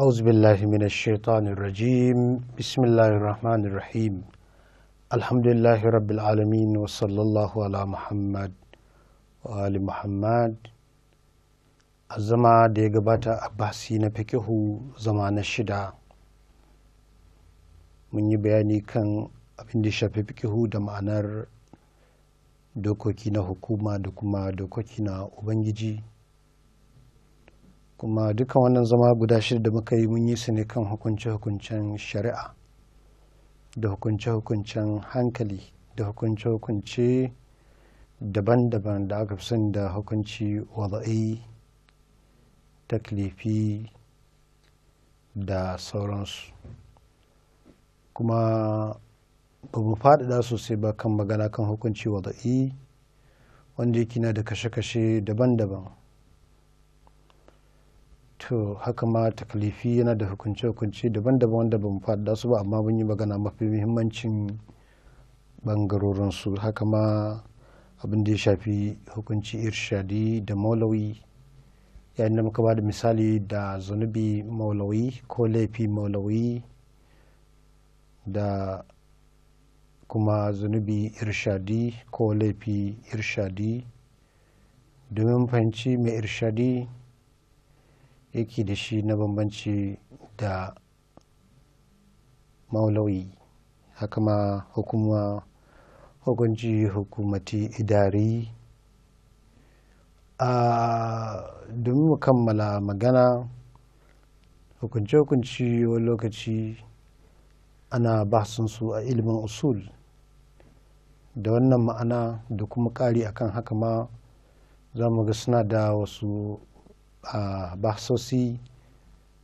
أعوذ بالله من الشيطان الرجيم بسم الله الرحمن الرحيم الحمد لله رب العالمين وصلى الله على محمد وآل محمد da ya gabata a basi na fikihu zama na shida mun yi bayani kan abin da fikihu da ma'anar dokoki na hukuma da kuma dokoki na ubangiji kuma dukkan wannan zama guda shida da muka yi mun yi su ne kan hukunce-hukuncen shari'a da hukunce-hukuncen hankali da hukunce-hukunce daban-daban da aka fi son da hukunci wada'i taklifi da sauransu kuma ba mu faɗaɗa sosai ba kan magana kan hukunci wada'i wanda yake na da kashe-kashe daban-daban to haka ma takalifi yana da hukunce-hukunce daban-daban wanda ba mu faɗa su ba amma mun yi magana mafi muhimmancin ɓangarorinsu haka ma abin da ya shafi hukunci irshadi da maulawi yayin da muka ba da misali da zunubi maulawi ko laifi maulawi da kuma zunubi irshadi ko laifi irshadi domin fahimci mai irshadi yake da shi na bambanci da maulawi haka ma hukuma hukunci hukumati idari a domin mu kammala magana hukunce-hukunci wani lokaci ana su a ilimin usul da wannan ma'ana da kuma ƙari akan haka ma za mu ga suna da wasu A bahasosi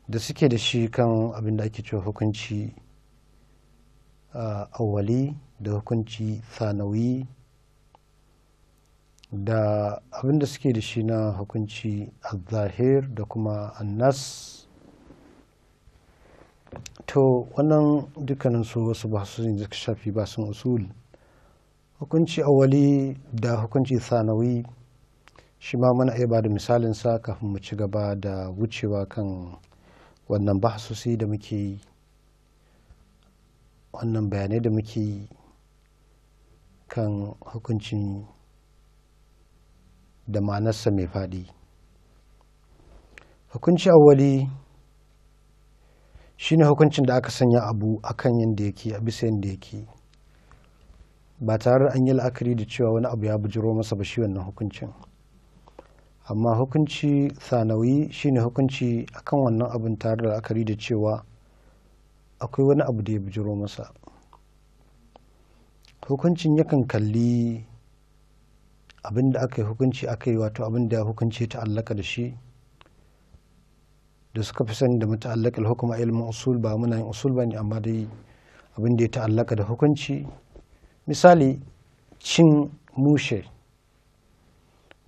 da suke da shi kan abin da ake cewa hukunci awali da hukunci sanawi da abin da suke da shi na hukunci al-zahir da kuma annas to wannan dukkanin su wasu basosi da suka shafi basun usul hukunci awali da hukunci sanawi shi ma muna iya ba da misalin sa kafin mu ci gaba da wucewa kan wannan bahasusi da muke yi wannan bayanai da muke yi kan hukuncin da manarsa mai faɗi hukunci awwali ne hukuncin da aka sanya abu akan yadda yake a bisa yadda yake ba tare da an yi la'akari da cewa wani abu ya bujiro masa ba shi wannan hukuncin amma hukunci sanawi shine hukunci akan wannan abin tare da akari da cewa akwai wani abu da ya bijiro masa hukuncin yakan kalli abinda aka yi hukunci aka yi wato abin da hukunci ta'allaka da shi da suka fi sani da mata'allaka hukuma ilimin usul ba muna yin usul ba ne amma dai abin da ya ta'allaka da hukunci misali cin mushe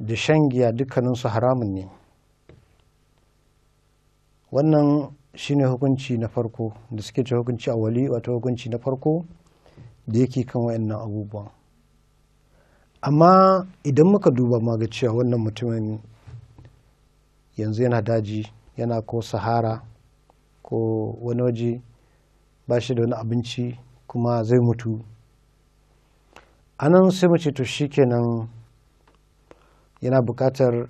da shan giya dukkaninsu haramun ne wannan shi ne hukunci na farko da suke ce hukunci a wali wato hukunci na farko da yake kan wayannan abubuwan amma idan muka duba ma ga cewa wannan mutumin yanzu yana daji yana ko sahara ko wani waje ba shi da wani abinci kuma zai mutu anan sai mu ce to shikenan yana buƙatar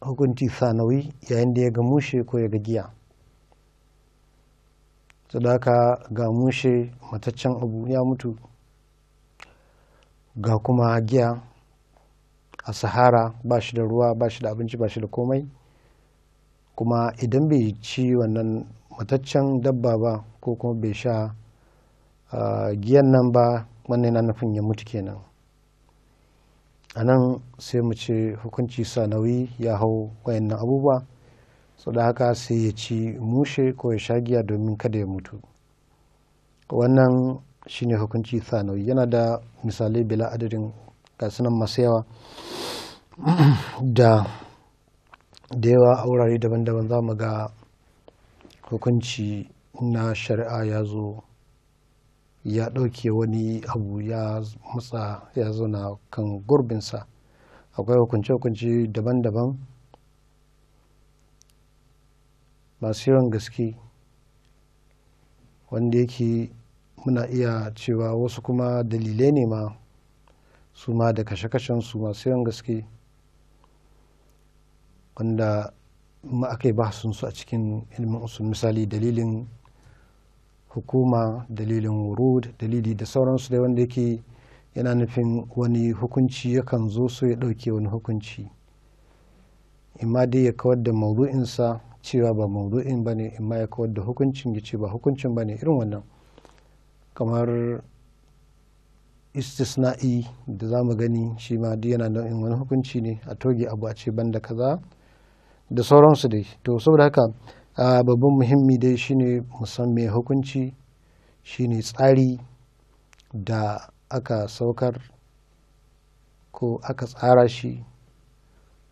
hukunci sanawi yayin da ya ga mushe ko ya ga giya sadaka ga mushe mataccen abu ya mutu ga kuma giya a sahara ba shi da ruwa ba shi da abinci ba shi da komai kuma idan bai ci wannan mataccen dabba ba ko kuma bai sha ah, giyan nan ba wannan yana nufin ya mutu kenan a nan sai mu ce hukunci sanawi ya hau wayannan abubuwa sau da haka sai ya ci mushe ko ya sha giya domin kada ya mutu wannan shine hukunci sanawi yana da misalai bila adadin gasunan masu yawa da da yawa a wurare daban-daban za mu ga hukunci na shari'a ya zo ya ɗauke wani abu ya matsa ya zauna kan gurbinsa akwai hukunce-hukunce daban-daban masu yawan gaske wanda yake muna iya cewa wasu kuma dalilai ne ma su ma da kashe-kashen su masu yawan gaske wanda ma aka yi su a cikin ilimin usul misali dalilin hukuma dalilin wurud dalili da sauransu dai wanda yake yana nufin wani hukunci yakan zo so ya ɗauke wani hukunci imma dai ya kawar da maudu'insa cewa ba maudu'in ba ne imma ya kawar da hukuncin ya ce ba hukuncin ba ne irin wannan kamar istisna'i da za mu gani shi ma duk yana nau'in wani hukunci ne a toge abu a ce banda kaza da sauransu dai to saboda haka a babban muhimmi dai shine musan mai hukunci shine tsari da aka saukar ko aka tsara shi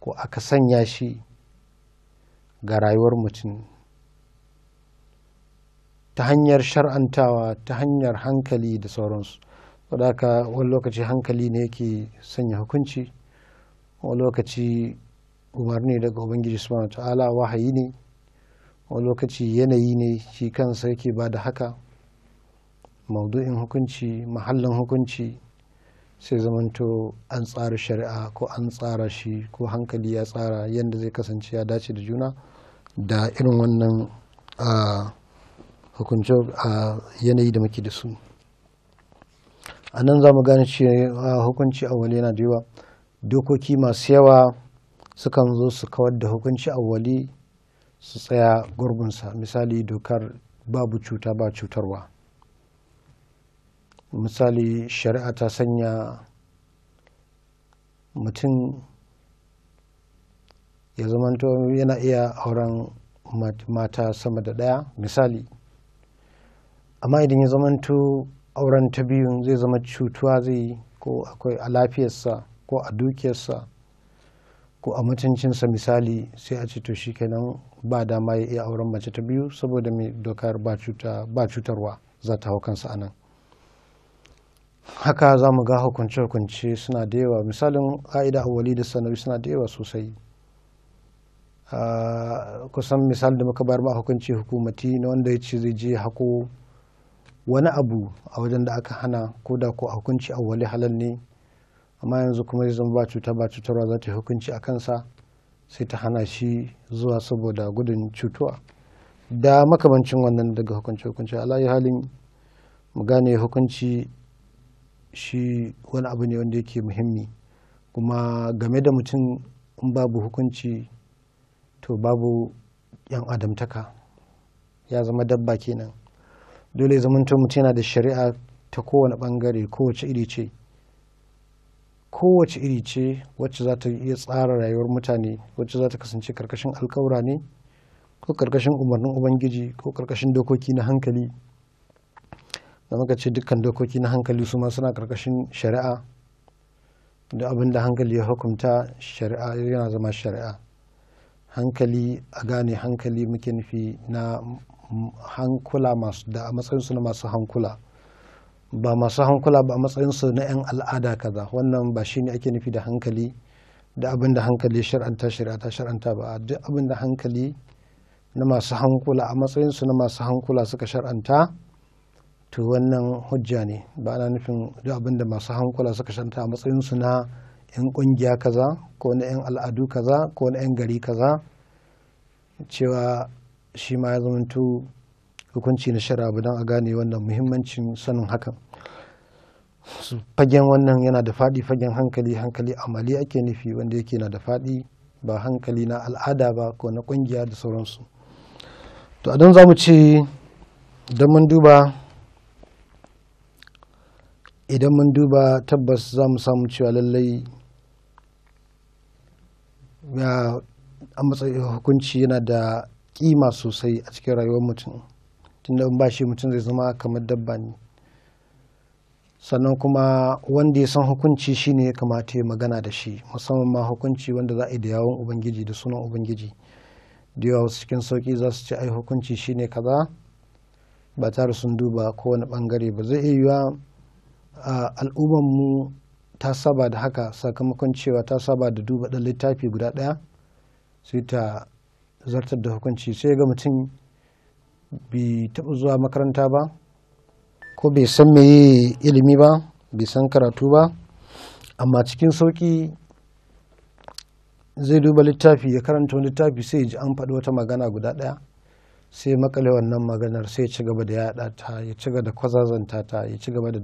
ko aka sanya shi ga rayuwar mutum ta hanyar shar'antawa ta hanyar hankali da sauransu wadaka wani lokaci hankali ne yake sanya hukunci wani lokaci umarni daga ubangiji subhanahu ta'ala wahayi ne wani lokaci yanayi ne shi kansa yake ba da haka maudu'in hukunci mahallin hukunci sai zamanto an tsara shari'a ko an tsara shi ko hankali ya tsara yadda zai kasance ya dace da juna da irin wannan hukuncin yanayi da muke da su a nan za mu gane cewa hukunci awali yana da yawa dokoki masu yawa sukan zo su kawar da hukunci awali su tsaya gurbinsa misali dokar babu cuta ba cutarwa misali shari'a ta sanya mutum ya zama yana iya auren mata sama da ɗaya misali amma idan ya zamanto auren ta biyun zai zama cutuwa zai ko akwai a lafiyarsa ko a dukiyarsa ko a mutuncinsa misali sai a ce to shi kenan ba dama ya iya auren mace ta biyu saboda mai dokar ba cutarwa za ta hau kansa a nan haka za mu ga hukunce-hukunce suna da yawa misalin ƙa'ida awali da sanawi suna da yawa sosai kusan misali da muka bayar ma hukunci hukumati na wanda ya ce zai je hako wani abu a wajen da aka hana ko da ko a hukunci awali halal ne amma yanzu kuma ya zama ba cuta ba cutarwa za ta yi hukunci a kansa sai ta hana shi zuwa saboda gudun cutuwa da makamancin wannan daga hukunci hukunci alayi halin mu gane hukunci shi wani abu ne wanda yake muhimmi kuma game da mutum in babu hukunci to babu yan adamtaka ya zama dabba kenan dole zamanto mutum yana da shari'a ta kowane bangare kowace iri ce kowace iri ce wacce za ta iya tsara rayuwar mutane wacce za ta kasance karkashin alkawura ne ko karkashin umarnin ubangiji ko karkashin dokoki na hankali da muka ce dukkan dokoki na hankali su ma suna karkashin shari'a da abin da hankali ya hukunta shari'a yana zama shari'a hankali a gane hankali muke nufi na hankula masu da a matsayinsu na masu hankula ba masu hankula ba a matsayinsu na 'yan al'ada kaza wannan ba shi ne ake nufi da hankali da abin da hankali shar'anta shari'ata shar'anta ba duk abin da hankali na masu hankula a matsayinsu na masu hankula suka shar'anta to wannan hujja ne ba ana nufin duk abin da masu hankula suka shar'anta a matsayinsu na 'yan kungiya kaza ko na 'yan al'adu kaza ko na 'yan gari kaza cewa shi ma ya zamanto hukunci na shari'a ba don a gane wannan muhimmancin sanin hakan fagen wannan yana da faɗi fagen hankali hankali amali ake nufi wanda yake na da faɗi ba hankali na al'ada ba ko na ƙungiya da sauransu to a don za mu ce idan mun duba idan mun duba tabbas za mu samu cewa lallai a matsayin hukunci yana da kima sosai a cikin rayuwar mutum tunda in ba shi mutum zai zama kamar dabba ne sannan kuma wanda ya san hukunci shi ne ya kamata ya magana da shi musamman ma hukunci wanda za a yi da yawon ubangiji da sunan ubangiji da yawa wasu cikin sauki za su ce ai hukunci shi ne kaza ba tare sun duba kowane bangare ba zai iya yiwa al'ummarmu ta saba da haka sakamakon cewa ta saba da duba ɗan littafi guda ɗaya sai ta zartar da hukunci sai ga mutum bai taɓa zuwa makaranta ba ko bai san meye ilimi ba bai san karatu ba amma cikin sauƙi zai duba littafi ya karanta wani littafi sai ji an faɗi wata magana guda ɗaya sai makale wannan maganar sai ya ci gaba da yaɗa ta ya ci gaba da kwazazanta ta ya ci gaba da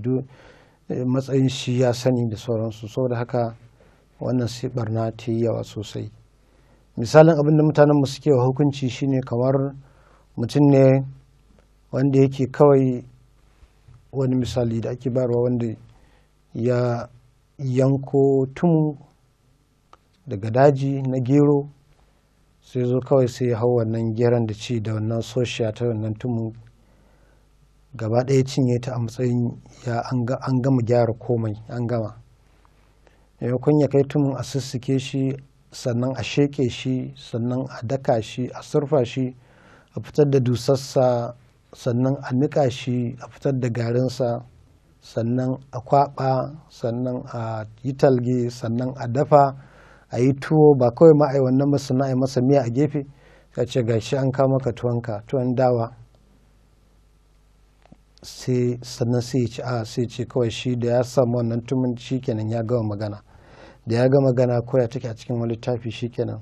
eh, matsayin shi ya sani da sauransu saboda haka wannan sai barna ta yi yawa sosai misalin abin da mutanenmu suke wa hukunci shine kamar mutum ne wanda yake kawai wani misali da ake barwa wanda ya yanko tumu daga daji na gero sai zo kawai sai ya hau wannan geron da ci da wannan soshiya ta wannan tumu gaba ɗaya cinye ta a matsayin ya an gama gyara komai an gama maimakon ya kai tumu a sussuke shi sannan a sheƙe shi sannan a daka shi a surfa shi a fitar da dusassa sannan a nika shi a fitar da garinsa sannan a kwaɓa sannan a yi talge sannan a dafa a yi tuwo ba kawai ma ai wannan masana ai masa miya a gefe ka ce ga shi an ka maka tuwanka tuwon dawa sai sannan sai ci a sai ce kawai shi da ya samu wannan tumin shi kenan ya gama magana da ya gama magana ko ya take a cikin wani littafi shi kenan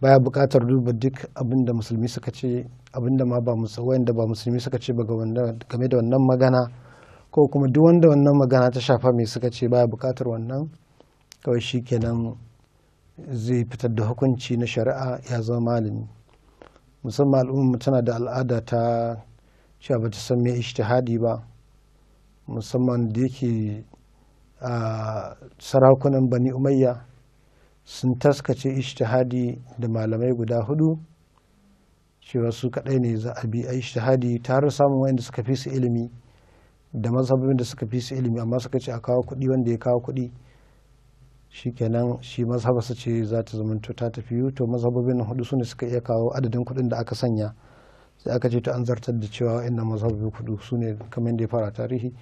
baya bukatar duba duk abin da musulmi suka ce abinda ma ba musulmi da ba musulmi suka ce game da wannan magana ko kuma duk wanda wannan magana ta shafa mai suka ce baya bukatar wannan kawai shi kenan zai fitar da hukunci na shari'a ya zama malami musamman al'umma tana da al'ada ta cewa ba ta san mai ishtihadi ba musamman da yake a sarakunan bani umayya sun taskace ishtihadi da malamai guda hudu cewa su kadai ne za a bi a shahadi tare samun wanda suka fi su ilimi da mazhabin da suka fi su ilimi amma suka ce a kawo kuɗi wanda ya kawo kuɗi kenan shi mazhaba su ce za ta zama ta tafi to mazhabobin hudu su ne suka iya kawo adadin kuɗin da aka sanya sai aka ce ta an zartar da cewa wa'annan mazhabobin huɗu su ne kamar da ya fara tarihi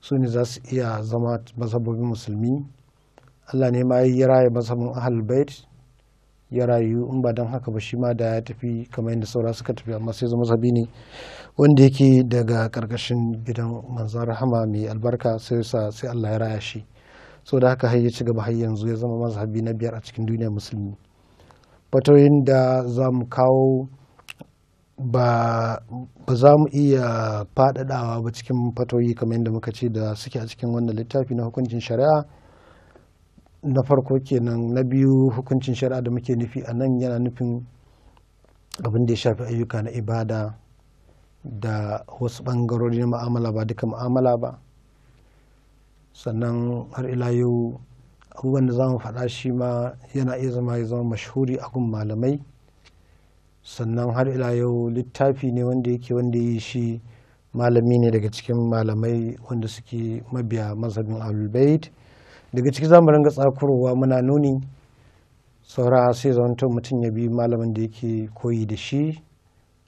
su ne za su iya zama mazhabobin musulmi Allah ne ma ya raya mazhabin ahlul bait ya rayu in ba don haka ba shi ma da ya tafi kamar yadda saura suka tafi amma sai zama sabi ne wanda yake daga karkashin gidan manzan rahama mai albarka sai sa sai Allah ya raya shi so da haka har ya ci gaba har yanzu ya zama mazhabi na biyar a cikin duniyar musulmi fatoyin da za mu kawo ba za mu iya faɗaɗawa ba cikin fatoyi kamar yadda muka ce da suke a cikin wannan littafi na hukuncin shari'a na farko kenan na biyu hukuncin shari'a da muke nufi a nan yana nufin abin da ya shafi ayyuka na ibada da wasu bangarori na ma'amala ba duka ma'amala ba sannan har ila yau abubuwan da za mu faɗa shi ma yana iya zama ya zama mashhuri a gun malamai sannan har ila yau littafi ne wanda yake wanda yi shi malami ne daga cikin malamai wanda suke mabiya mazhabin alulbait daga ciki za mu ringa tsakurwa muna nuni saura sai zamantar mutum ya bi malamin da yake koyi da shi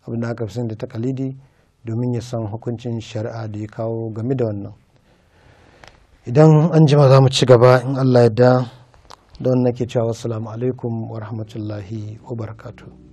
abin da aka fi da takalidi domin ya san hukuncin shari'a da ya kawo game da wannan idan an jima za mu ci gaba in allah ya da don nake cewa wasu alaikum wa rahmatullahi wa barakatuh